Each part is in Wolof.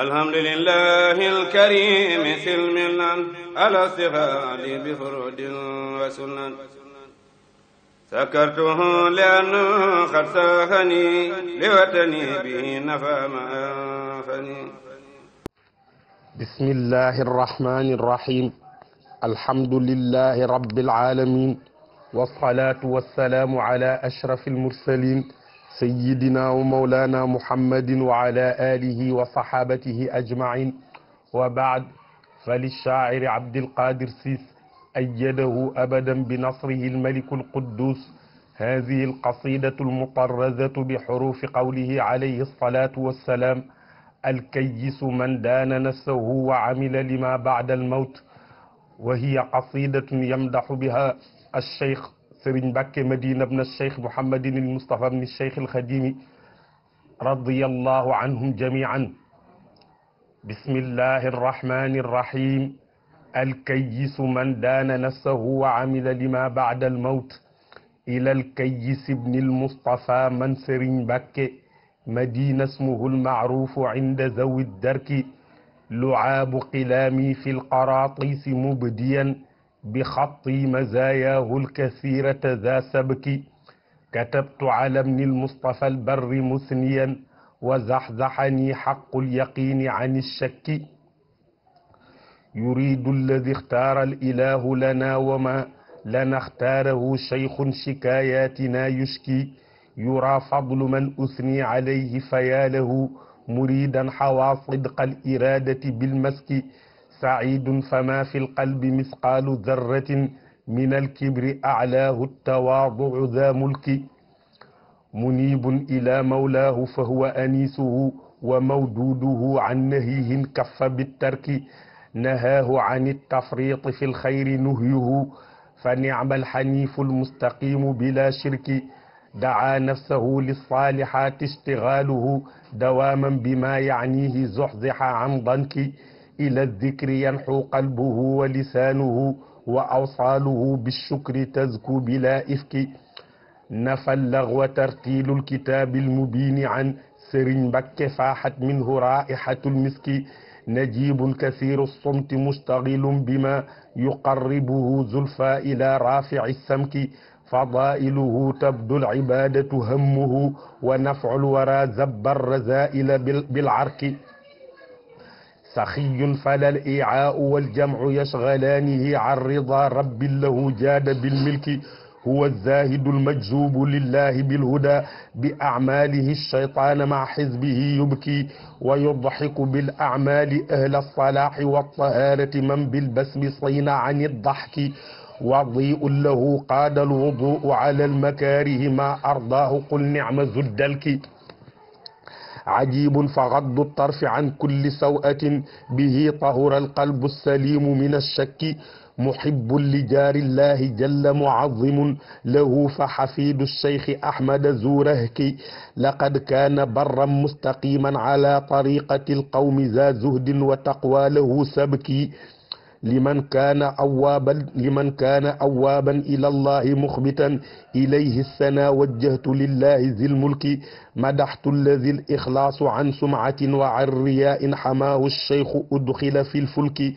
alhamdulillahi alkarimi silmilan ala sihadi bi furudin wa sunan sakartuhu liannu qad sahani liwatani bihi nafa ma anfani bismillahi arrahmani arrahim alhamdulillahi rabbil alamin wassalatu wassalamu ala ashrafil mursalin sayyidina wa mawlana muhammadin wa ala alihi wa sahabatihi ajmain wa baad falishaaciri abdilqadir siis ayyadahu abadan binasrihi almaliku alquddus هذه القصيدة المطرزة بحروف قوله عليه الصلاة والسلام الكيس من دان نفسه وعمل لما بعد الموت وهي قصيدة يمدح بها الشيخ sëriñ Mbàkke Madina bna cheikh Mouhamadin il Moustapha bni cheikh il Xadimi radiyallahu anhum jamian bismillahi arrahmani arrahim alkayisu man daana nafsahu wa amila lima baada almawt ila alkayis ibni almustafa man sëriñ Mbàkke Madina ismuhu almaarufu inda zawi darki luaabu qilaami fi lqaraatisi mubdiyan بخطي مزاياه الكثيرة ذا سبك كتبت على ابن المصطفى البر مثنيا وزحزحني حق اليقين عن الشك يريد الذي اختار الإله لنا وما لنا اختاره شيخ شكاياتنا يشكي يرى فضل من أثني عليه فيا له مريدا حوى صدق الإرادة بالمسك saidun fama fi lqalbi misqaalu darratin min alkibri alaahu tawaaduu da mulki munibun ila mawlaahu fahuwa anisuhu wa mawduduhu an nahihin kaffa bittarki nahaahu an altafriti fi lxayri nuhyuhu fa nicma alxanifu almustaqimu bila shirki dacaa nafsahu lisaalixaati ishtigaaluhu dawaaman bima yacniihi zuxzixa an danki ila dikri yanxu qalbuhu wa lisaanuhu wa awsaaluhu bichukri tazku bila ifki nafa lagwa tartilu lkitaabi almubini an sëriñ mbakke faaxat minhu raihatu lmiski najibun kasiru lsumti mustagilun bima yuqarribuhu zulfa ila rafici samki fadailuhu tabdu alcibadatu hammuhu wa nafcu lwara zabba alrazaila bilarki سخي فلا الإيعاء والجمع يشغلانه عن رضا رب له جاد بالملك هو الزاهد المجذوب لله بالهدى بأعماله الشيطان مع حزبه يبكي ويضحك بالأعمال أهل الصلاح والطهارة من بالبسم صين عن الضحك وضيء له قاد الوضوء على المكاره ما أرضاه قل نعم ذو الدلك ajibun fa gaddu tarfi an kulli sawatin bihi tahura alqalbu salimu min alshakki muhibbun li jaarillahi jalla muazimun lahu fa xafidu lcheikhi ahmada zurahki laqad kaana barran mustaqiman ala tariqati alqawmi za zuhdin wa taqwa lahu sabki liman kaana awaaban liman kaana awaaban ila allahi muxbitan ilayhi sana wajjahtu lillahi zi lmulki madaxtu alladi lixlaasu an sumcatin wa an riyaain xamaahu lcheykhu udxila fi lfulki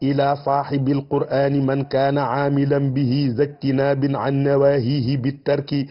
ila saaxibi alqur'ani man kaana caamilan bihi zajtinaabin can nawaahihi bittarki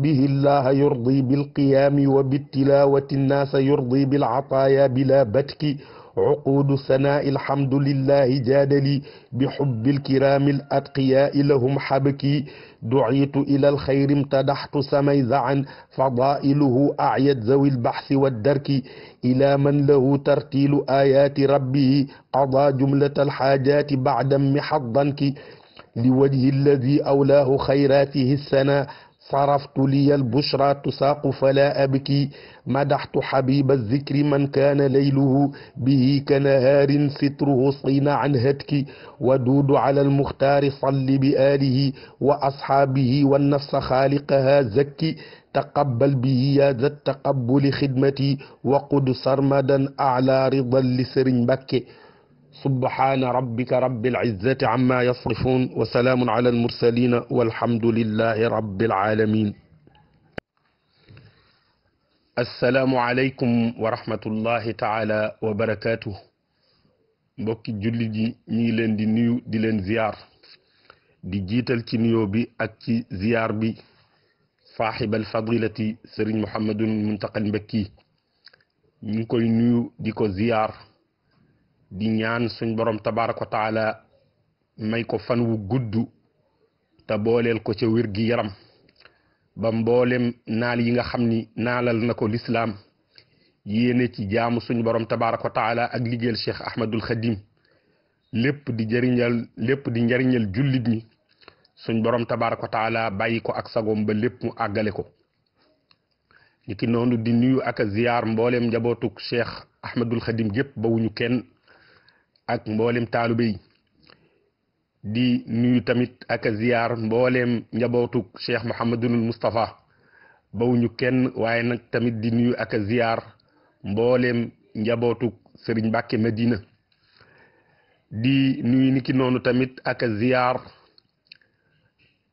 bihi llaha yurdi bilqiyaami wa bittilaawati nnaasa yurdi bilcataaya bila batki uquudu sanaa'i alhamdulillahi jaadali bi xubbi alkiraami alatqiyaa'i lahum xabki duciitu ila alxayri imtadaxtu samay zacan fadaa'iluhu acyad zawi albaxsi waddarki ila man lahu tartiilu aayaati rabbihi qadaa jumlata alxaajaati bacdammi xaddanki liwajhi alladi awlaahu xayraatihi sanaa saraftu liya albushra tusaaqu fala abki madaxtu xabiba zikri man kaana layluhu bihi kanahaarin sitruhu siina an hatki waduudu ala almuxtaari salli bi alihi wa asxaabihi wannafsa xaaliqaha zakki taqabbal bihi yaa za taqabbuli xidmati wa qud sarmadan ala ridan li Sëriñ Mbàkke subhaana rabbika rabbil izzati amma yasifun wa salaamun ala almursalina walhamdulillahi rabbil alamin assalaamu aleykum wa rahmatullahi taala wa barakaatuh mbokki jullit yi ñu ngi leen di nuyu di leen ziyaar di jiital ci nuyoo bi ak ci ziyaar bi saaxib alfadilati sëriñ Mouhamadul Muntaqal Mbekki ñu ngi koy nuyu di ko ziyaar di ñaan suñ borom tabaraka wa may ko fan wu gudd te booleel ko ca wér gi yaram ba mboolem naal yi nga xam ni naalal na ko lislaam yéene ci jaamu suñ borom tabaraka wa taala ak liggéeyal cheikh ahmadul xadim lépp di jëriñal lépp di jullit ñi suñ borom tabaraka wa bàyyi ko ak sagoom ba lépp mu àggale ko niki noonu di nuyu ak a ziyaar mbooleem njabootuk cheikh ahmadul xadim gépp ba wuñu ak mboolem taalibe yi di nuyu tamit ak ziyaar mbooleem njabootu cheikh Mouhamadunul Moustapha bawuñu kenn waaye nag tamit di nuyu ak ziyaar mbooleem njabootu Serigne Mbacke Medina di nuyu niki noonu tamit ak ziyaar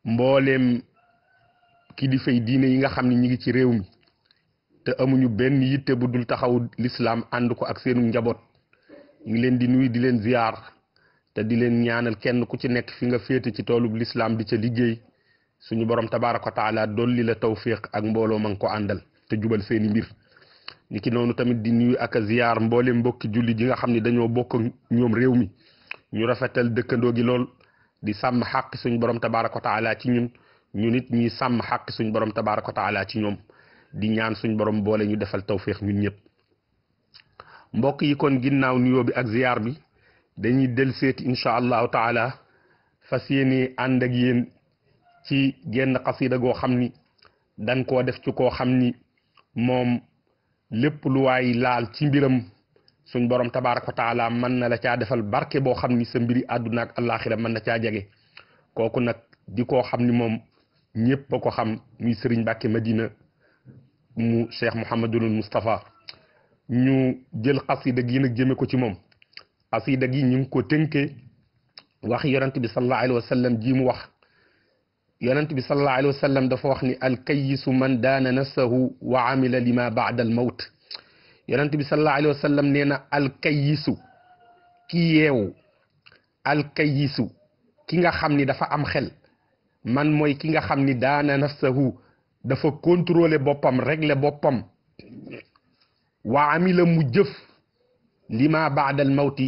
mbooleem kilifay diine yi nga xam ne ñi ngi ci réew mi te amuñu benn yitte bu dul taxawu lislaam ànd ko ak seenu njaboot ñu ngi leen di nuyu di leen ziyaar te di leen ñaanal kenn ku ci nekk fi nga féete ci toolub lislaam di ca liggéey suñu borom tabaaraka taala dolli la tawfiq ak mbooloo ma nga ko àndal te jubal seeni mbir ñu ki noonu tamit di nuyu ak a ziyaar mboole mbokki julli ji nga xam ne dañoo bokk ñoom réew mi ñu rafetal dëkkandoo gi lool di sàmm xàq suñu borom tabaaraka taala ci ñun ñu nit ñi sàmm xàq suñu borom tabaaraka taala ci ñoom di ñaan suñu borom boole ñu defal tawfiq ñun ñëpp. mbokk yi kon ginnaaw nuyoo bi ak ziyaar bi dañuy del seeti incha allahu taala fas yéene ànd ak yéen ci genn xasida goo xam ni dañ koo def ci koo xam ni moom lépp lu waay laal ci mbiram suñ borom tabaaraka wa taala mën na la caa defal barke boo xam ni sa mbiri àdduna ak àllaaxira mën na caa jege kooku nag di koo xam ni moom ñëpp a ko xam muy Serigne Mbacke Madina mu Cheikh Mouhamadul Moustapha ñu jël xasida gi nag jëme ko ci moom xasida gi ñu ngi ko tënkee wax yonent bi sallallahu alayhi wa sallam ji mu wax yonent bi sallallahu alayhi wa dafa wax ni alkayisu man daana nafsahu wa amila lima baada al mawt yonent bi sallallahu alayhi wa sallam nee na alkayisu ki yeewu alkayisu ki nga xam ni dafa am xel man mooy ki nga xam ni daana nafsahu dafa contrôler boppam régler boppam wa amila mu jëf lima baadal mawti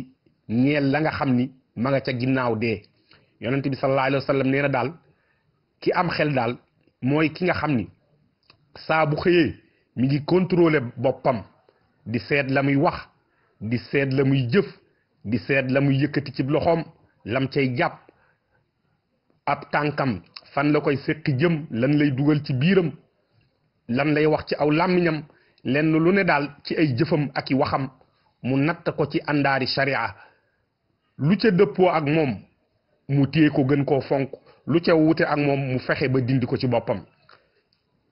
ñeel la nga xam ni ma nga ca ginnaaw de yonent bi sallallahu alayhi wa daal ki am xel daal mooy ki nga xam ni saabu bu xëyee mi ngi controle boppam di seet la muy wax di seet la muy jëf di seet la muy yëkkati ci loxoom lam cay jàpp ab tànkam fan la koy séqi jëm lan lay dugal ci biiram lan lay wax ci aw làmmiñam lenn lu ne daal ci ay jëfam ak i waxam mu natt ko ci àndaari sharia lu ci dëppoo ak moom mu téye ko gën koo fonk lu ca wute ak moom mu fexe ba dindi ko ci boppam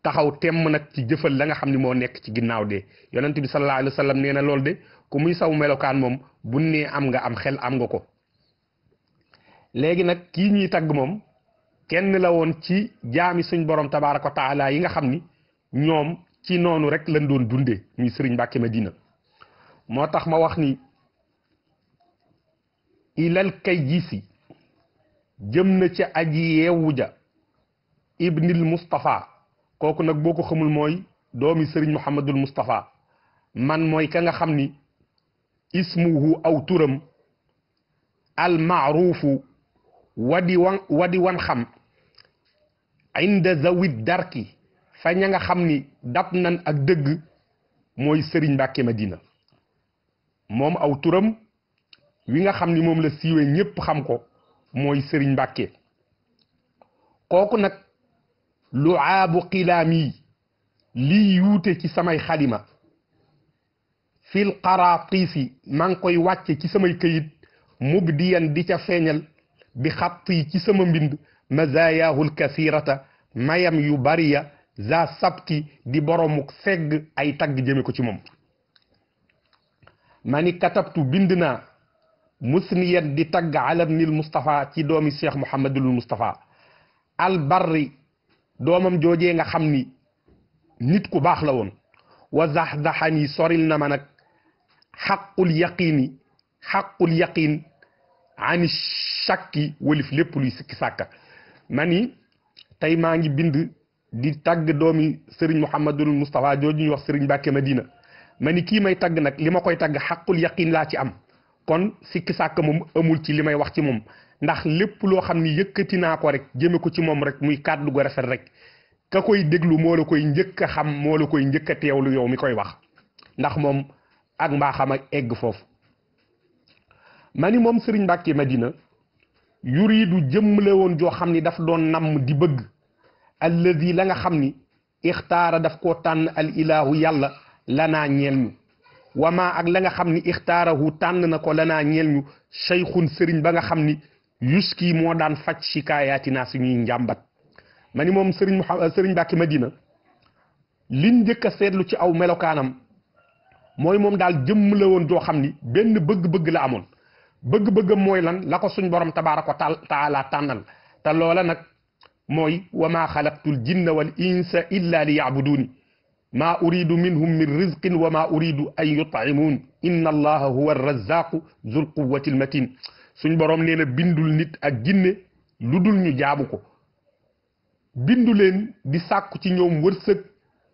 taxaw temm nag ci jëfal la nga xam ne moo nekk ci ginnaaw de yonent bi sallallahu alayhi wa sallam na loolu de ku muy saw melokaan moom bu nee am nga am xel am nga ko léegi nag kii ñuy tagg moom kenn la woon ci jaami suñ boroom tabaaraka wa yi nga xam ni ñoom ci noonu rek lañ doon dundee muy Serigne Madina moo tax ma wax ni ilal kay jiisi jëm na ci aji yeewu ja ibnil Moustapha kooku nag boo xamul mooy doomi sëriñ Mouhamadul Moustapha man mooy ka nga xam ni ismuhu aw turam almaaruufu wadi wan wadi xam inda zawid darki fa nga xam ni dab nan ak dëgg mooy Serigne Mbacke Madina moom aw turam wi nga xam ni moom la siiwee ñépp xam ko mooy sëriñ Mbacke kooku nag lu aabu xilaam yi lii yuute ci samay xalima fil qaraatiisi maa ngi koy wàcce ci samay këyit mubdiyan di ca feeñal bi xatt ci sama mbind mazayaahul kasirata mayam yu bari ya za sabti di boromuk segg ay tagg jëme ko ci moom ma ni katabtu bind naa musniyan di tagg alabnil Moustapha ci doomi Cheikh Mouhamadul Moustapha albarri doomam joojee nga xam ni nit ku baax la woon wa zaxzaxani soril na ma nag xaqul yaqini yaqin ani shakki walif lépp luy sikki sàkka ma ni tey maa di tagg doomi Serigne Mouhamadul Moustapha jooju ñu wax Serigne Mbacke Madina ma ni kii may tagg nag li ma koy tagg xaqul yaqin laa ci am kon sikki sàkk moom amul ci li may wax ci moom ndax lépp loo xam ni yëkkati naa ko rek jëme ko ci moom rek muy kàddu gu rafet rek ka koy déglu moo la koy njëkk a xam moo la koy njëkk a teewlu yow mi koy wax ndax moom ak mbaaxam ak egg foofu ma ni moom Serigne Mbacke Madina yuriidu jëmmale woon joo xam ni daf doon namm di bëgg alladi la nga xam ni ixtaara def koo tànn al ilaahu yàlla lanaa ñeel ñu wama ak la nga xam ni ixtaarahu tànn na ko lanaa ñeel ñu cheykhun sëriñ ba nga xam ni yuski moo daan faj shikaayatina suñuy njàmbat ma ni moom sëriñ Mouha euh, sëriñ Mbàkke Madina liñ njëkk a seetlu ci aw melokaanam mooy moom daal jëmm la woon joo xam ni benn bëgg-bëgg la amoon bëgg-bëggam mooy lan la ko suñ borom tabaaraka taala tànnal te loola nag mooy wa maa xalaqtul jinna wal insa illa li yacbuduuni maa uridu minhum min rizqin wa maa uridu an yutcimuun inna allaha huwa arrazaqu zul quwati almatin suñ boroom nee bindul nit ak jinne lu dul ñu jaabu ko bindu leen di sàkku ci ñoom wërsëg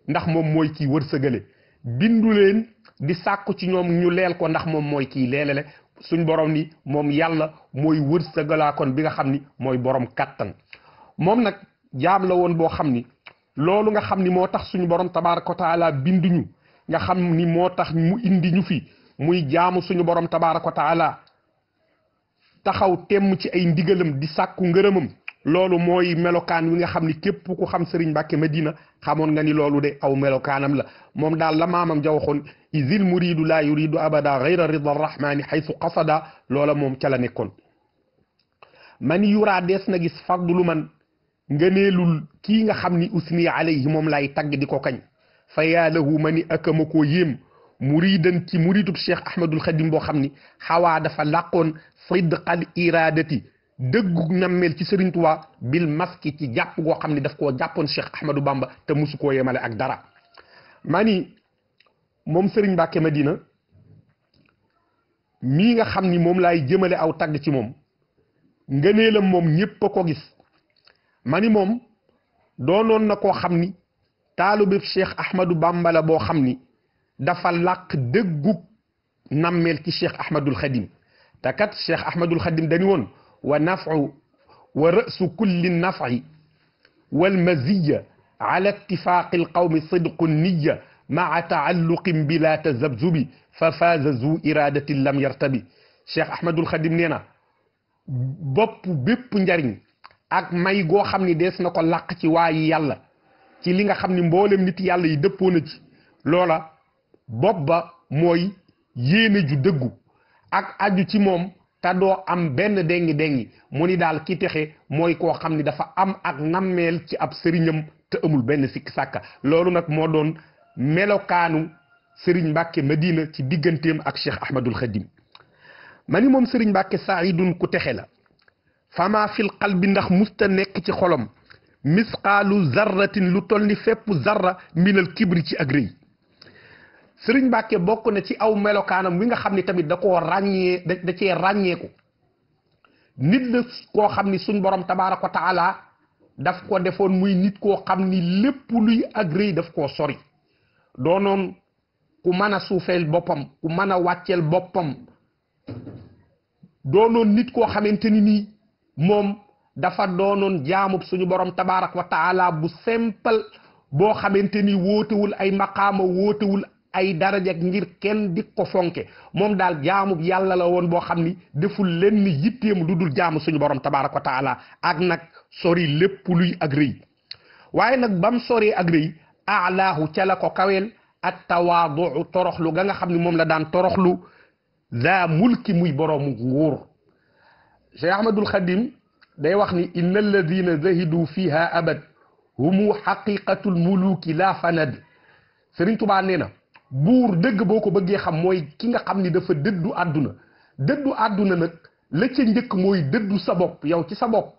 ndax moom mooy kii wërsëgale bindu leen di sàkku ci ñoom ñu leel ko ndax moom mooy kii leelale suñ borom ni moom yàlla mooy wërsëgalaa kon bi nga xam ni mooy borom kattan moom nag jaam la woon boo xam ni loolu nga xam ni moo tax suñu borom tabaaraka wa bindu binduñu nga xam ni moo tax mu indi ñu fi muy jaamu suñu borom tabaaraka wa taxaw temm ci ay ndigalam di sàkku ngërëmam loolu mooy melokaan wi nga xam ni képp ku xam Serigne Mbacke Medina xamoon nga ni loolu de aw melokaanam la moom daal la maamam ja waxoon isil muridu laa yuridu abada gayra rida rahmani xaytu qasada loola moom ca la nekkoon man yuraa dees na gis ngëneelul kii nga xam ni usni alayhi moom laay tagg di ko kañ fa yaa lahu ma ni ak ma koo yéem muridan ci muridub cheikh ahmadul xadim boo xam ni xawaa dafa làqoon sidqal iradati dëggu nammeel ci sëriñtuwa Tuubaa bil maski ci jàpp goo xam ne daf koo jàppoon Cheikh Ahmadou Bamba te musu koo yemale ak dara maa ni moom Sëriñ Mbàkke Madina mii nga xam ni moom laay jëmale aw tagg ci moom ngëneelam moom ñépp ko gis ma ni moom doonoon na koo xam ni taalubib cheikh Ahmadou Bamba la boo xam ni dafa làq dëggug nammeel ci cheikh Ahmadul Xadim te kat cheikh Ahmadul Xadim dañu woon wa nafu wa ra'su kulli nafi wal maziya ala ittifaaqi alqawmi sidqu niya maa taalluqin bila tazabzubi fa faaza zu iradatin lam yartabi cheikh Ahmadul Xadim nee na bopp bépp njariñ ak may goo xam ni des na ko làq ci waayu yàlla ci li nga xam ni mboolem nit yàlla yi dëppoo na ci loola bopp ba mooy yéene ju dëggu ak aju ci moom te doo am benn dengi dengi mu ni daal ki texe mooy koo xam ni dafa am ak nammeel ci ab sëriñam te amul benn sikk sàkka loolu nag moo doon melokaanu sëriñ Mbàkke Madina ci digganteem ak Cheikh Ahmadul Xadim ma ni moom sëriñ Mbàkke dun ku texe la fama fil qalbi ndax musta nekk ci xolom misqaalu zarratin lu toll ni fépp zarra minal kibri ci ak rëy sëriñ Mbàkke bokk na ci aw melokaanam wi nga xam ni tamit da ko ràññee da cee ràññeeku nit la koo xam ni suñ borom tabaaraka wa taala daf ko defoon muy nit koo xam ni lépp luy ak rëy daf koo sori doonoon ku mën a suufeel boppam ku mën a wàcceel boppam doonoon nit koo xamante ni nii moom dafa doonoon jaamub suñu borom tabarak bu simple boo xamante ni wóotewul ay maqaama wóotewul ay darajak ngir kenn di ko fonke moom daal jaamub yàlla la woon boo xam ni deful lenn yitteem lu dul jaamu suñu borom tabarak wa taala ak nag sori lépp nag bam soree ak rëy alaahu ca la ko kaweel ak tawaadu toroxlu ga nga xam moom la daan toroxlu daa mulki muy boroomu nguur Cheikh Ahmadul Xadim day wax ni inna alladina zahidu fiha abad humu xaqiqatul muluki la fanad Serigne Touba nee na buur dëgg boo ko bëggee xam mooy ki nga xam ni dafa dëddu àdduna dëddu àdduna nag la ca njëkk mooy dëddu sa bopp yow ci sa bopp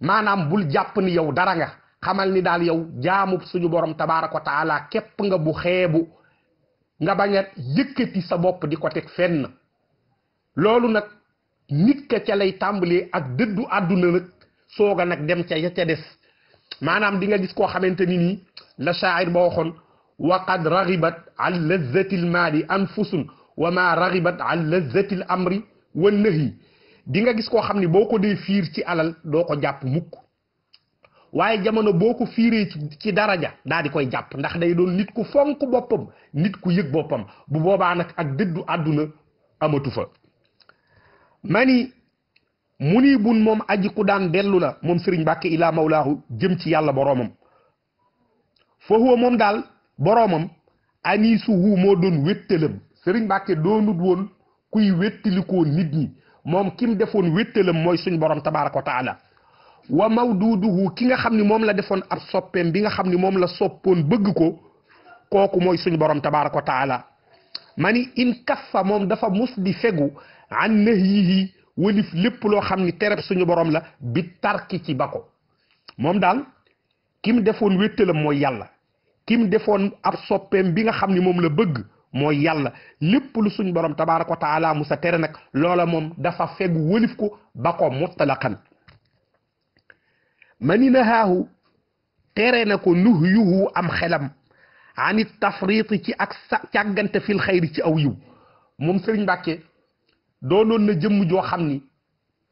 maanaam bul jàpp ni yow dara nga xamal ni daal yow jaamu suñu borom tabaaraka wa taala képp nga bu bu nga bañ a yëkkati sa bopp di ko teg fenn loolu nag nit ka ca lay tàmbalee ak dëddu àdduna nag sooga nag dem ca ya ca des maanaam di nga gis koo xamante ni nii la shaa'ir ba waxoon wa qad raxibat an lazati lmaali anfusun wa ma raxibat an lazati l wa nahi di nga gis koo xam ne boo ko dee fiir ci alal doo ko jàpp mukk waaye jamono boo ko fiiree ci daraja daa di koy jàpp ndax day doon nit ku fonk boppam nit ku yëg boppam bu boobaa nag ak dëddu àdduna amatu fa mani munibun moom aji ku daan dellu la moom sëriñ Mbàkke ilaa mawlaahu jëm ci yàlla boroomam fa huwa moom daal boroomam aniisuhu moo doon wéttalam sëriñ Mbàkke doonut woon kuy wéttalikoo nit moom kim defoon wéttalam mooy suñ borom tabaaraka wa taala wa mawduduhu ki nga xam ni moom la defoon ab soppeem bi nga xam ni moom la soppoon bëgg ko kooku mooy suñ borom tabaaraka wa mani in kaffa moom dafa mus di fegu an nahyihi walif lépp loo xam ni tereb suñu borom la bi tarki ci ba moom daal kim defoon wéttalam mooy yàlla kim defoon ab soppeem bi nga xam ni moom la bëgg mooy yàlla lépp lu suñu borom tabaaraka wa taala sa tere nag loola moom dafa fegu walif ko ba ko mutlaqan mani nahaahu tere na ko nuh yuhu am xelam anit tafriiti ci ak sa càggante fil xayri ci aw yiw moom sëriñ Mbàkke doonoon na jëmm joo xam ni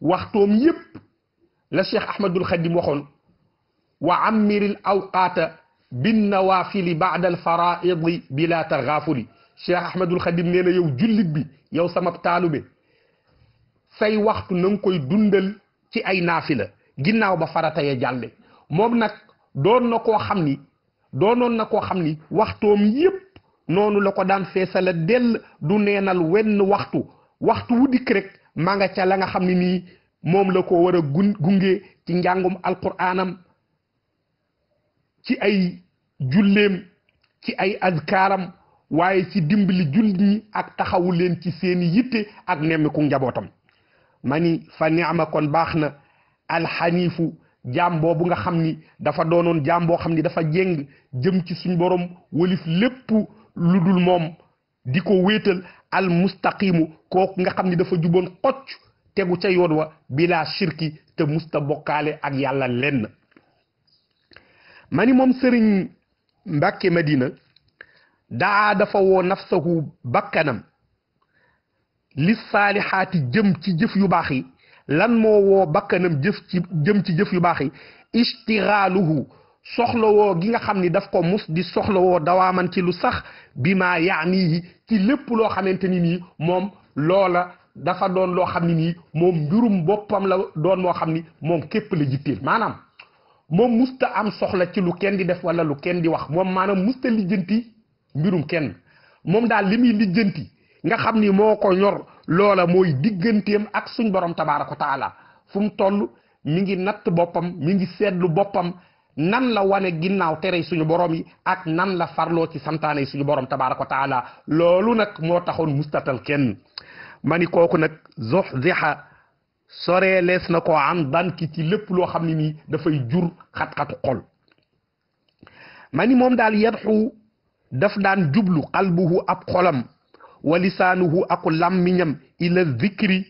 waxtoom yépp la cheikh ahmadul xadim waxoon wa ammiril awqaata bin nawaafili baada al faraidi bila taxaafuli cheikh ahmadul xadim nee na yow jullit bi yow sama taalube say waxtu na koy dundal ci ay naafila ginnaaw ba farataye jàlle moom nag doon na koo xam ni doonoon na koo xam ni waxtoom yépp la ko daan feesala dell du neenal wenn waxtu waxtu wu dikk rek ma nga la nga xam ne nii moom la ko war a gun gunge ci njàngum alquraanam ci ay julleem ci ay azkaaram waaye ci dimbali jullit ñi ak taxawu leen ci seeni yitte ak nemmiku njabootam ma ni fa niama kon baax na alxaniifu jaam bu nga xam ni dafa doonoon jaam xam ni dafa jéng jëm ci suñ borom walif lépp lu moom di ko wéetal al mustaqimu kooku nga xam ni dafa juboon xocc tegu ca yoon wa bilaa shirki te musta bokkaale ak yàlla lenn ma ni moom sëriñ Mbàkke Madina daa dafa woo nafsahu bakkanam li saalihaati jëm ci jëf yu baax lan moo woo bakkanam jëf ci jëf yu baax yi soxlawoo gi nga xam ni daf ko mus di soxla woo dawaaman ci lu sax bi maa yaanihi ci lépp loo xamante ni nii moom loola dafa doon loo xam ni nii moom mbirum boppam la doon moo xam ni moom képp la jitteel maanaam moom musta am soxla ci lu kenn di def wala lu kenn di wax moom maanaam musta lijjanti mbirum kenn moom daal li muy lijjanti nga xam ni moo ko ñor loola mooy digganteem ak suñ borom tabaaraka taala fu mu toll mi ngi natt boppam mi ngi seetlu boppam nan la wane ginnaw tere suñu borom yi ak nan la farloo ci santaane yi suñu borom tabaaraka loolu nag moo taxoon mustatal kenn ma ni kooku nag zox zixa soree lees na ko am banki ci lépp loo xam ne nii dafay jur xat-xatu xol ma ni moom daal yadxu daf daan jublu qalbuhu ab xolam wa lisaanuhu ak làmmiñam ila zikri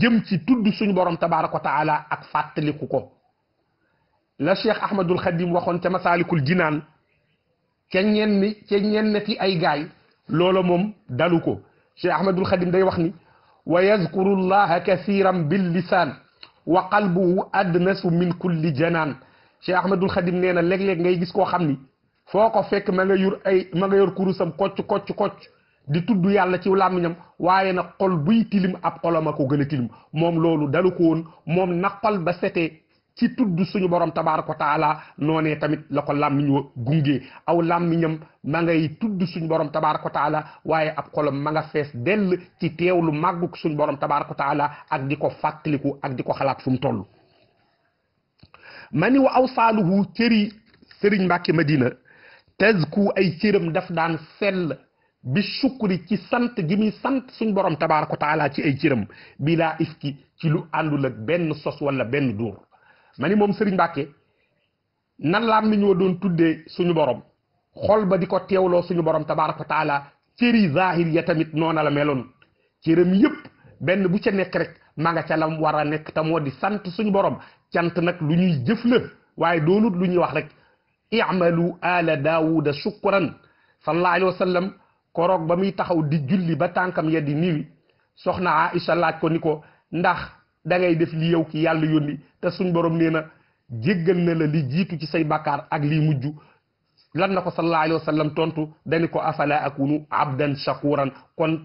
jëm ci tudd suñu borom tabaaraka wa taala ak fàttaliku ko la cheikh ahmadul xadim waxoon ca masaalikul jinaan ca ñenn ca ñennati ay gaay loolo moom dalu ko cheikh ahmadul xadim day wax ni wa yazkuru llaha kathiran bil lisaan wa qalbuhu adnasu min kulli janaan cheikh ahmadul xadim nee na léeg-léeg ngay gis koo xam ni foo ko fekk ma nga ma yor kurusam kocc kocc kocc di tudd yàlla ci làmmiñam waaye nag xol buy tilim ci tudd suñu borom tabaaraka wa taala noonee tamit la ko làmmiñ wa gunge aw làmmiñam ma ngay tudd suñu borom tabaaraka wa taala waaye ab xolam ma fees dell ci teewlu màggug suñu borom tabaaraka wa taala ak di ko fàttaliku ak di ko xalaat fu mu toll. ma ni wa awsaaluhu cëri Sëriñ Mbàkke Madina tazku ay cëram daf daan sell. bi sukkuri ci sant gi muy sant suñ borom tabaaraka taala ci ay cëram bilaa ifki ci lu àndul ak benn sos walla benn dóor ma ni moom sëriñ Mbàkke nan laam ni ñoo doon tuddee suñu borom xol ba di ko teewloo suñu borom tabaaraka wa taala cëri zahir ya tamit noona la meloon cëram yëpp benn bu ca nekk rek ma nga ca lam war a nekk te moo di sant suñu borom cant nag lu ñuy jëf waaye doonut lu ñuy wax rek i'malu ala daawuda shukran sallallahu alayhi wa sallam koroog ba muy taxaw di julli ba tànkam ya di niwi soxna Aïcha laaj ko ni ko ndax da ngay def li ki yàlla yónni te suñ borom nee na jéggal na li jiitu ci say bakkaar ak li mujj lan na ko sallallahu alayhi wa tontu dañu ko afala akunu abdan shakuran kon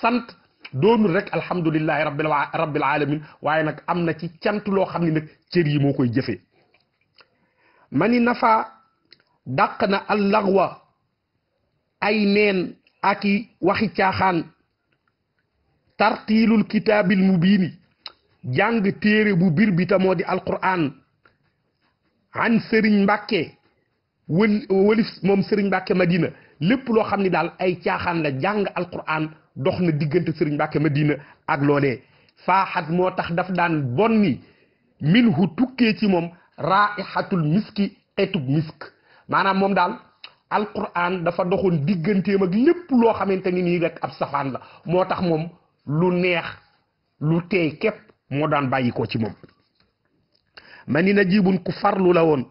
sant doonul rek alhamdulillahi rabbil rabbil alamin waaye nag am na ci cant loo xam ne nag yi moo koy jëfee mani nafa dàq na allaxwa ay neen aki waxi caaxaan tartiilul kitaabil mubiini jàng téere bu bir bi ta moo di alquran an sëriñ mbàkke wël wëlif moom sëriñ mbàkke madina lépp loo xam ni daal ay caaxaan la jàng alquran dox na diggante sëriñ mbàkke madina ak loolee faaxat moo tax daf daan bonni min hu tukkee ci moom raihatul miski xeetub misk maanaam moom daal alquran dafa doxoon digganteem ak lépp loo xamante ni nii rek ab safaan la moo tax moom lu neex lu teey képp moo daan bàyyi ko ci moom mani najibun ku farlu la woon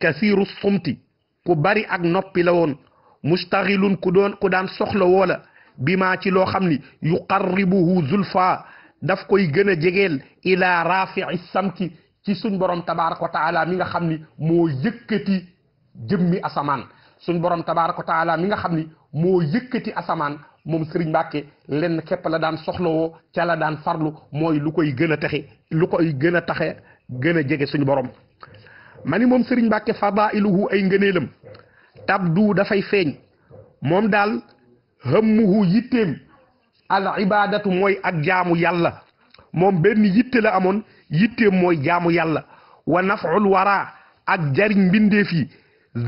kasiiru sumti ku bari ak noppi la woon mustaxilun ku doon ku daan soxla woola bi ci loo xam ni yu yuqarribuhu zulfa daf koy gën a jegeel ila rafi'i samti ci suñ borom tabaraka wa taala mi nga xam ni moo yëkkati jëmmi asamaan suñ borom tabaraka wa taala nga xam ni moo yëkkati asamaan moom Serigne Mbacke lenn képp la daan soxlawoo cala la daan farlu mooy lu koy gën a taxe lu koy gën a taxe gën a jege suñu borom ma ni moom Serigne Mbacke fadailuhu ay ngëneelam tabdu dafay feeñ moom daal hammuhu yitteem al ibadatu mooy ak jaamu yàlla moom benn yitte la amoon yitteem mooy jaamu yàlla wa naful wara ak jariñ mbindeef yi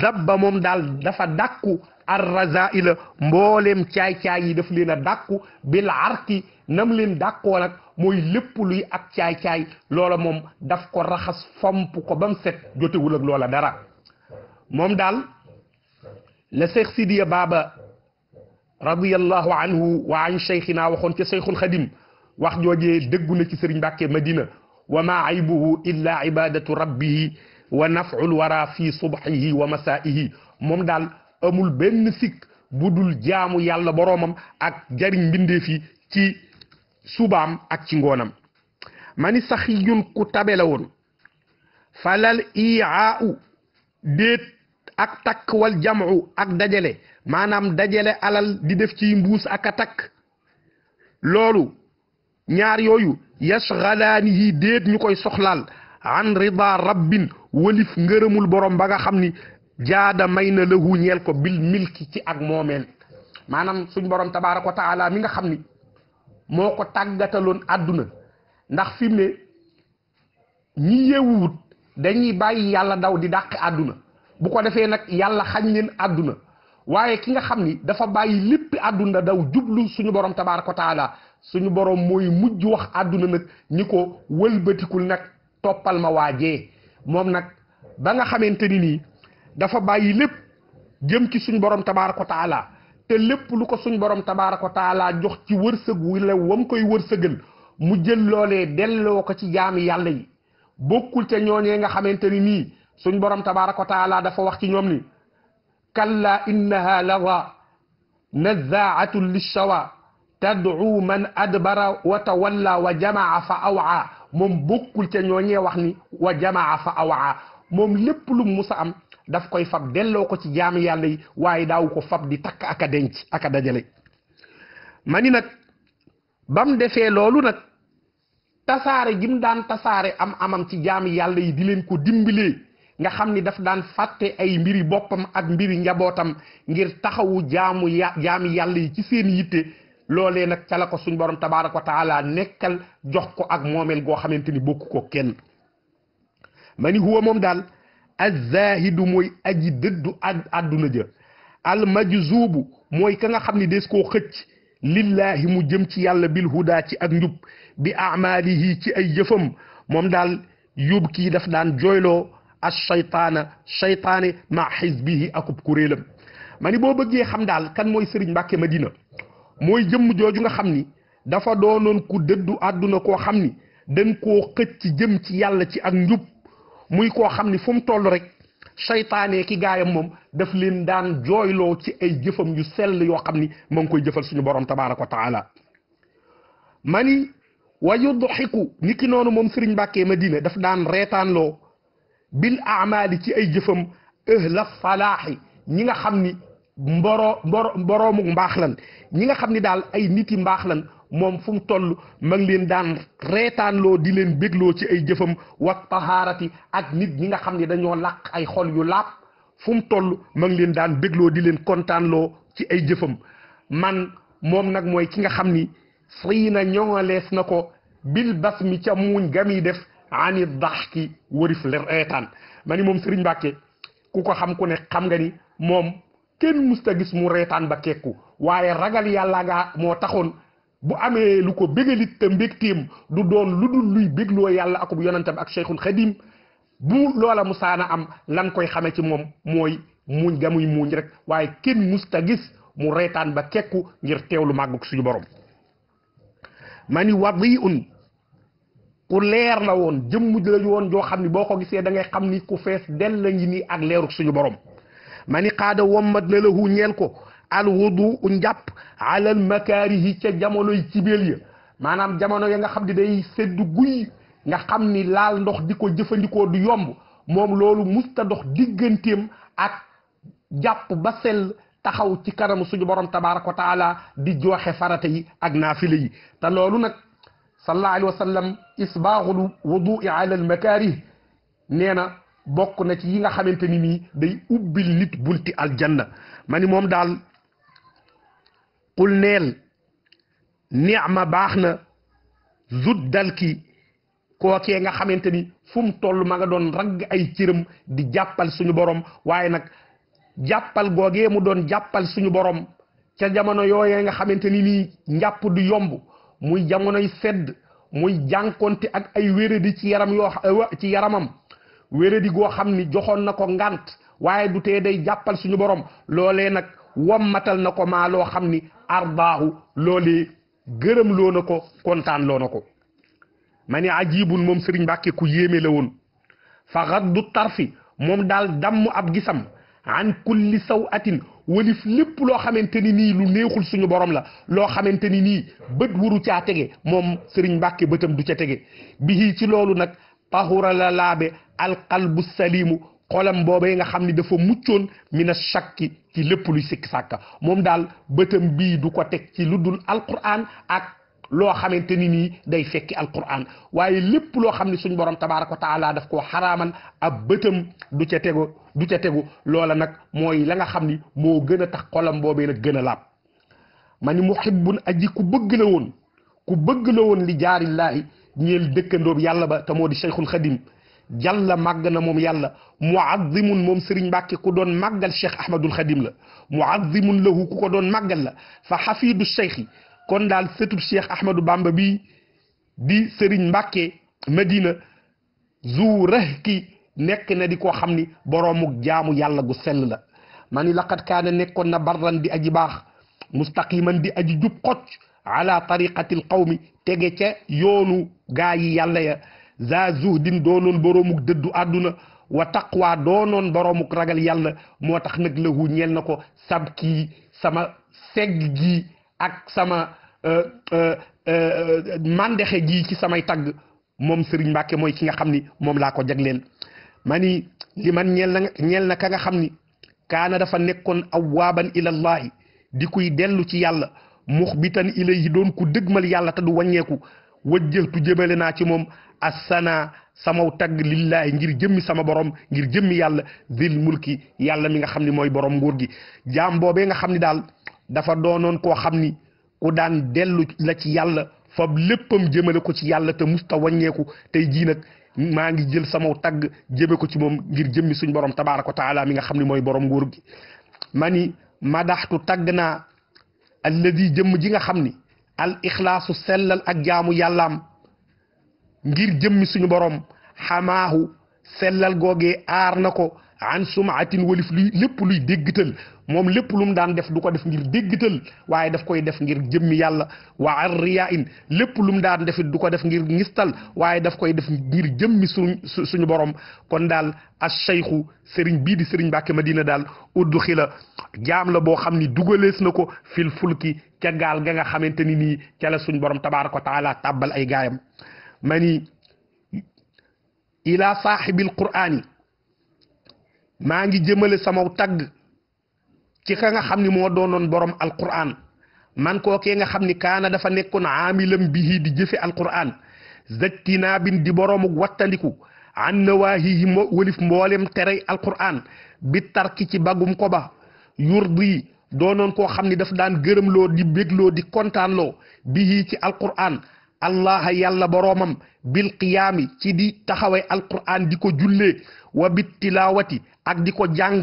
zabba moom daal dafa dàkku arrazaila mbooleem caay-caay yi daf leen a dàkku bil arki nam leen dàkkoo nag mooy lépp luy ak caay-caay loola moom daf ko raxas fomp ko ba mu set jotewul ak loola dara moom daal la Cheikh Sidiya Baba radiyallahu anhu wa an cheikhina waxoon ca cheikhul xadim wax joojee dëggu na ci sëriñ Mbàkke Madina wa ma aybuhu illa ibadatu rabbihi wa naf'ul wara fi subhihi wa masaihi moom daal amul benn sikk bu dul jaamu yàlla boroomam ak jariñ mbindeef yi ci subaam ak ci ngoonam mani saxiyun ku tabe woon falal iau déet ak takk wal jamu ak dajale maanaam dajale alal di def ci mbuus ak a takk loolu ñaar yooyu yashgalaani yi déet ñu koy soxlaal an rida rabbin walif ngërëmul borom ba nga xam ni jaada may na lahu ñeel ko bil milki ci ak moomeel maanaam suñ borom tabaaraka wa taala mi nga xam ni moo ko tàggataloon àdduna ndax fi mu ne ñi yeewuwut bàyyi yàlla daw di dàq àdduna bu ko defee nag yàlla xañ leen àdduna waaye ki nga xam ni dafa bàyyi lépp àdduna daw jublu suñu borom tabaaraka wa taala suñu borom mooy mujj wax àdduna nag ñi ko wëlbatikul nag toppal ma waajee moom nag ba nga xamante ni nii. dafa bàyyi lépp jëm ci suñ borom tabaaraka wa te lépp lu ko suñ borom tabaaraka wa jox ci wërsëg wu la wam koy wërsëgal mu jël loolee delloo ko ci jaami yàlla bokkul te ñooñee nga xamante ni nii suñ borom tabaaraka wa dafa wax ci ñoom ni kalla innaha lawa nazaatun lishawa tad'u man adbara wa tawalla wa jamaa fa awaa moom bokkul ca ñooñee wax ni wa jamaa fa awaa moom lépp lu musa am daf koy fab delloo ko ci jaamu yàlla yi waaye daaw ko fab di takk aka denc ak dajale ma ni nag bam defee loolu nag tasaare jim daan tasaare am amam ci jaam yàlla yi di leen ko dimbalee nga xam ni daf daan fàtte ay mbiri boppam ak mbiri njabootam ngir taxawu jaamu ya yàlla yi ci seen yitte loole nag ca la ko suñ borom tabaaraka wa taala nekkal jox ko ak moomeel goo xamante ni bokk ko kenn ma ni moom daal azzahidu mooy aji dëddu àdduna ja almajzubu mooy ka nga xam ni des koo xëcc lillahi mu jëm ci yàlla bil huda ci ak njub bi amalihi ci ay jëfam moom daal yub kii daf daan jooyloo as shaytaana shaytaane ma xisbihi akub kuréelam ma ni boo bëggee xam daal kan mooy Serigne Mbacke Madina mooy jëmm jooju nga xam ni dafa doonoon ku dëddu àdduna koo xam ni dañ koo xëcc jëm ci yàlla ci ak njub muy koo xam ni fu mu toll rek saytaane ki gaayam moom daf leen daan jooyloo ci ay jëfam yu sell yoo xam ni moo ngi koy jëfal suñu borom tabaaraka wa taala mani wa yudxiku ni ki noonu moom Serigne Mbàkke Madina daf daan reetaanloo bil amali ci ay jëfam ahla salaaxi ñi nga xam ni mboro mboro mbaax lan ñi nga xam ni daal ay nit yi mbaax lan moom fu mu toll ma ngi leen daan reetaanloo di leen bégloo ci ay jëfam wa tahaarati ak nit ñi nga xam ne dañoo làq ay xol yu laab fu mu toll ma leen daan bégloo di leen kontaanloo ci ay jëfam man moom nag mooy ki nga xam ni fii na ñoŋalees na ko bil bas mi ca muuñ gami def ani dax ki warif reetaan ma ni moom Serigne Mbacke ku ko xam ku ne xam nga ni moom kenn musta gis mu reetaan ba kekku waaye ragal yàlla nga moo taxoon bu amee lu ko bégalit te mbégteem du doon lu dul luy bégloo yàlla akub yonantam ak cheikhul xadim bu loola musaana am lan koy xamee ci moom mooy muuñ gamuy muuñ rek waaye kenn musta gis mu reetaan ba kekku ngir lu màggug suñu borom ma ni wadi un ku leer la woon jëmm la woon joo xam ni boo ko gisee da ngay xam ni ku fees del la ngi nii ak leerug suñu borom ma ni xaada wommat na lahu ñeel ko al wudu njàpp alal makaarihi ca jamonoy cibeel ya maanaam jamono ya nga xam ni day sedd guy nga xam ni laal ndox di ko jëfandikoo du yomb moom loolu musta dox digganteem ak jàpp ba taxaw ci kanamu suñu borom tabaaraka wa taala di joxe farata yi ak naafila yi te loolu nag sallallahu alayhi wa sallam isbaaxul wudui ala al makaarih na bokk na ci yi nga xamante ni nii day ubbil nit bunti aljanna ma moom daal qul neel ni'ma baax na zut dalki kookee nga xamante ni fu mu toll ma nga doon ragg ay cëram di jàppal suñu borom waaye nag jàppal googee mu doon jàppal suñu borom ca jamono yooyee nga xamante ni nii njàpp du yomb muy jamonoy sedd muy jànkonte ak ay wéradi ci yaram yoo ci yaramam wéradi goo xam ni joxoon na ko ngant waaye du tee jàppal suñu borom loolee nag wommatal na ko maa loo xam ni ardaahu loolee gërëm loo na ko kontaan loo na ko ma ne moom Serigne Mbacke ku yéeme la woon fa gaddu tarfi moom daal damm ab gisam an kulli saw atin walif lépp loo xamante ni nii lu neexul suñu borom la loo xamante ni nii bët waru caa tege moom Serigne Mbacke bëtam du ca tege bihi ci loolu nag tahura laabe alqalbu salimu xolam boobee nga xam ni dafa muccoon mina shakki ci lépp lu sikk sàkka moom daal bëtam bii du ko teg ci lu dul alquran ak loo xamante ni nii day fekki alquran waaye lépp loo xam ne suñ borom tabaaraka wa taala daf koo xaraaman ab bëtam du ca tegu du ca tegu loola nag mooy la nga xam ni moo gën a tax xolam boobee nag gën a laab ma ni muhibbun aji ku bëgg la woon ku bëgg la woon li jaarillaahi ñeel dëkkandoob yàlla ba ta moo di cheikhul jàlla màgg na moom yàlla muazzimun moom Serigne Mbacke ku doon màggal cheikh Ahmadul Xadim la muazzimun lahu ku ko doon màggal la fa xafiidu cheikh yi kon daal sëtub cheikh Ahmadou Bamba bi di Serigne Mbacke Medina zu rahki nekk na di ko xam ni boroomu jaamu yàlla gu sell la ma ni laqad kaana nekkoon na barran di aji baax mustaqiman di aji jub xocc ala tariqati l qawmi tege ca yoonu gaa yi yàlla ya za doo noon boroomuk dëddu àdduna wa doo noon boroomuk ragal yàlla moo tax nag lahu ñeel na ko sab kii sama segg ji ak sama euh, euh, euh, mandexe ji ci samay tagg moom Serigne Mbacke mooy ki nga xam ni moom laa ko jagleel ma ni li man ñeel na ka nga xam ni kaana dafa nekkoon awwaaban ilallahi di kuy dellu ci yàlla muxbitan ilayhi doon ku dëgmal yàlla te du wàññeeku wajjëtu jëmale naa ci moom assanaa samaw tagg lillaahi ngir jëmmi sama borom ngir jëmmi yàlla vil mulki yàlla mi nga xam ni mooy borom nguur gi jaam boobee nga xam ni daal dafa doonoon koo xam ni ku daan dellu la ci yàlla fab léppam jëmale ko ci yàlla te musta wàññeeku tey jii nag maa ngi jël samaw tagg jëme ko ci moom ngir jëmmi suñ borom tabaaraka wa taala mi nga xam ni mooy borom nguur gi madaxtu tagg naa alladi jëmm ji nga xam ni al ixlaasu sellal ak jaamu yàllaam ngir jëmmi suñu borom xamaahu sellal googe aar na ko an sumaatin walif luy lépp luy déggtal moom lépp lu mu daan def du ko def ngir déggtal waaye daf koy def ngir jëmmi yàlla wa an riya in lépp lu mu daan defit du ko def ngir ngistal waaye daf koy def ngir jëmmi suñ suñu borom kon daal as cheikhu sëriñ bii di sëriñ Mbàkke Madina daal uddu xila jaam la boo xam ni dugalees na ko fil fulki ca gaal ga nga xamante ni nii ca la suñu borom tabaaraka wa taala tàbbal ay gaayam mani ila saaxibil qur'aani maa ngi jëmale sama tagg ci ka nga xam ni moo doonoon borom alqur'an man kookee nga xam ni kaana dafa nekkoon aamilam bihi di jëfe alqur'an zaktina bin di boroomu wattandiku an walif mboolem terey alqur'an bi tarki ci bagum ko ba yurdi doonoon koo xam ni daf daan gërëm loo di bégloo di kontaanloo bihi ci alqur'an allaha yàlla boroomam bil qiyaami ci di taxawee alquran di ko jullee wa bit tilaawati ak di ko jàng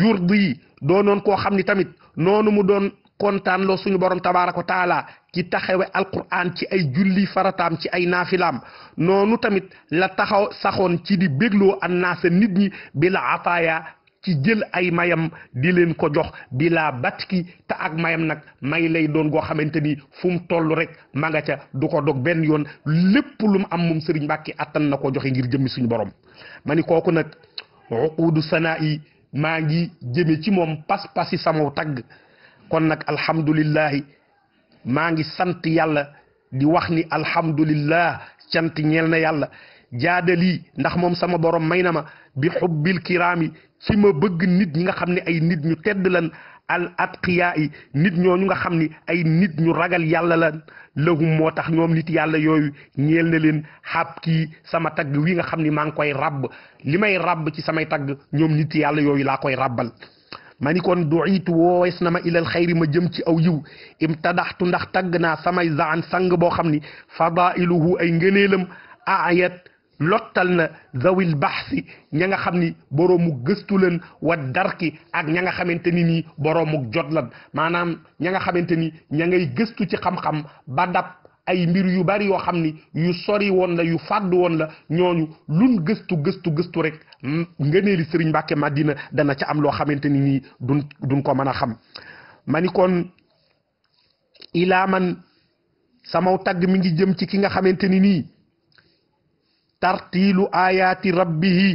yurdi yi doonoon koo xam ni tamit noonu mu doon kontaan loo suñu borom tabaaraka wa taala ci taxawe alquran ci ay julli farataam ci ay naafilaam noonu tamit la taxaw saxoon ci di bégloo an naasa nit ñi bi la ci jël ay mayam di ko jox bi laa bat ak mayam nag may lay doon goo xamante ni fu mu toll rek ma nga ca du ko dog benn yoon lépp lu mu am moom Serigne Mbacke attan na ko joxe ngir jëmmi suñu borom ma ni kooku nag uqudu sanaa yi maa ngi jëme ci moom pas-pasi sama tagg kon nag alhamdulillahi maa ngi sant yàlla di wax ni alhamdulillah cant ñeel na yàlla jaadali ndax moom sama borom may na ma bi xubbil kiraami ci ma bëgg nit ñi nga xam ne ay nit ñu tedd lan al atqiyaa yi nit ñooñu nga xam ni ay nit ñu ragal yàlla la lahum moo tax ñoom nit yàlla yooyu ñeel na leen xaab kii sama tagg wi nga xam ni maa ngi koy ràbb li may rab ci samay tagg ñoom nit yàlla yooyu laa koy ràbbal ma ni kon duitu woowees na ma ilal xayri ma jëm ci aw yiw im tadaxtu ndax tagg naa samay zaan sang boo xam ni fadailuhu ay ngëneelam ayat lottal na zawil baxsi ña nga xam ni boroomu gëstu leen wa darki ak ña nga xamante ni nii boroomu jot lan maanaam ña nga xamante ni ña ngay gëstu ci xam-xam ba dab ay mbir yu bari yoo xam ni yu sori woon la yu fàdd woon la ñooñu lun gëstu gëstu gëstu rek ngëneeli sëriñ Mbàkke Madina dana ca am loo xamante ni nii duñ ko mën a xam kon ilaa man samaw tagg mi ngi jëm ci ki nga xamante ni nii tartiilu aayaati rabbihi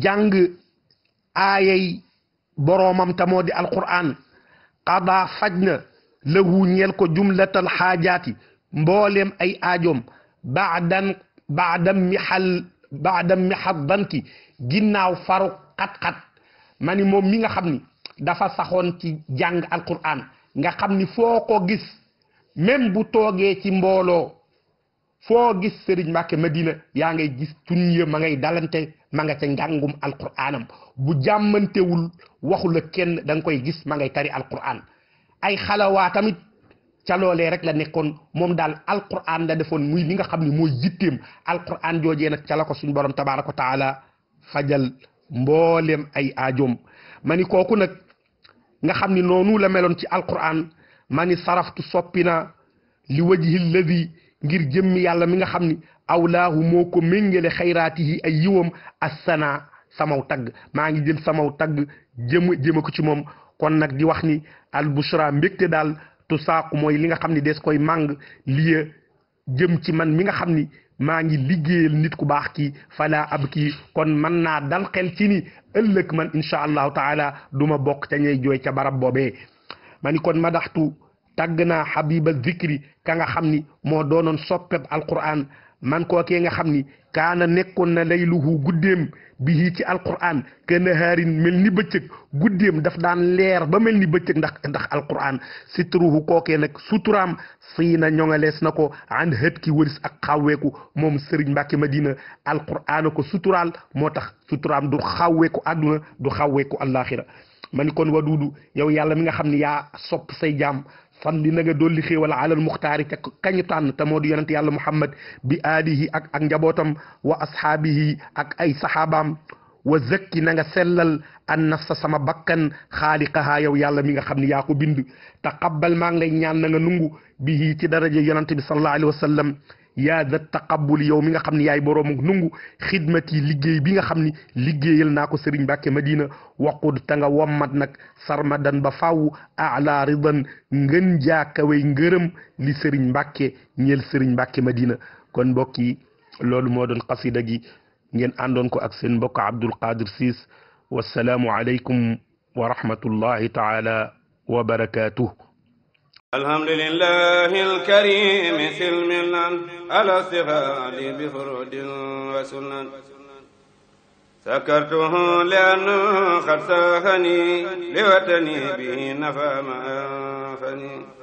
jàng aayay boroomam ta moo di alquran qadaa faj na lahu ñeel ko jumlatal xaajaati mbooleem ay aajoom baadan baadam mi xal baadam mi xaddanki ginnaaw faru xat moom mi nga xam dafa saxoon ci jàng alquran nga xam ni foo ko gis même bu toogee ci mbooloo foo gis Serigne Mbacke Madina yaa ngay gis tunya ma ngay dalante ma nga ca njàngum alqur'anam bu jàmmantewul waxula kenn da koy gis ma ngay tari alqur'an ay xalawaa tamit ca loolee rek la nekkoon moom daal alqur'an la defoon muy li nga xam ni mooy yitteem alqur'an joojee na ca la ko suñu borom tabaaraka wa taala fajal mboolem ay aajoom ma ni nag nga xam ni noonu la meloon ci alqur'an ma saraftu soppi na li wajhi alladi ngir jëmmi yàlla mi nga xam ni awlaahu moo ko méngale xayraatihi ay yiwam assana samaw tagg maa ngi jël samaw tagg jëm jëma ko ci moom kon nag di wax ni albushra mbégte daal tu saaku mooy li nga xam ni des koy màng liya jëm ci man mi nga xam ni maa ngi liggéeyal nit ku baax ki fala ab kii kon man naa dal xel ci ni ëllëg man incha allahu taala du ma bokk ca ñey jooy ca barab boobee ma ni kon tagg naa habiba zikri ka nga xam ni moo doonoon soppeb alquran man koo kee nga xam ni kaana nekkoon na layluhu guddeem bii ci alquran ka nahaarin mel ni bëccëg guddeem daf daan leer ba mel ni bëccëg ndax ndax alquran sitruhu kookee nag suturaam fii na ñoŋalees na ko an hët ki wëris ak xawweeku moom sëriñ Mbàkke Madina alquran ko suturaal moo tax suturaam du xawweeku àdduna du xawweeku àllaaxira ma ni kon waduudu yow yàlla mi nga xam ni yaa sopp say jam fan nanga na nga dolli xéewal alal muxtaari ka kañu tànn te moo di yonent yàlla muhammad bi aalihi ak ak njabootam wa ashaabihi ak ay saxaabaam wa zakki na nga sellal an nafsa sama bakkan xaaliqahaa yow yàlla mi nga xam ne yaa ko bind taqabbal maa ngi ñaan na nga nungu bihi ci daraja yonent bi sallallahu alayhi wa sallam yaa da taqabbul yow mi nga xam ne yaay boroomu nungu xidmati liggéey bi nga xam ni liggéeyal naa ko Serigne Mbacke Madina waqud ta nga wommat nag sarmadan ba faw faaw ala ridan ngën jaakawey ngërëm li Serigne Mbacke ñeel Serigne Mbacke Madina kon mbokk yi loolu moo doon qasida gi ngeen àndoon ko ak seen mbokk Abdul Qadir Siis wassalaamu aleykum wa rahmatullahi taala wa barakaatuh alhamdulilah alkarim silmilan ala sixaali bi furudin wa sunan sakartuhu li annu xad saxani li watani bi nafa ma anfani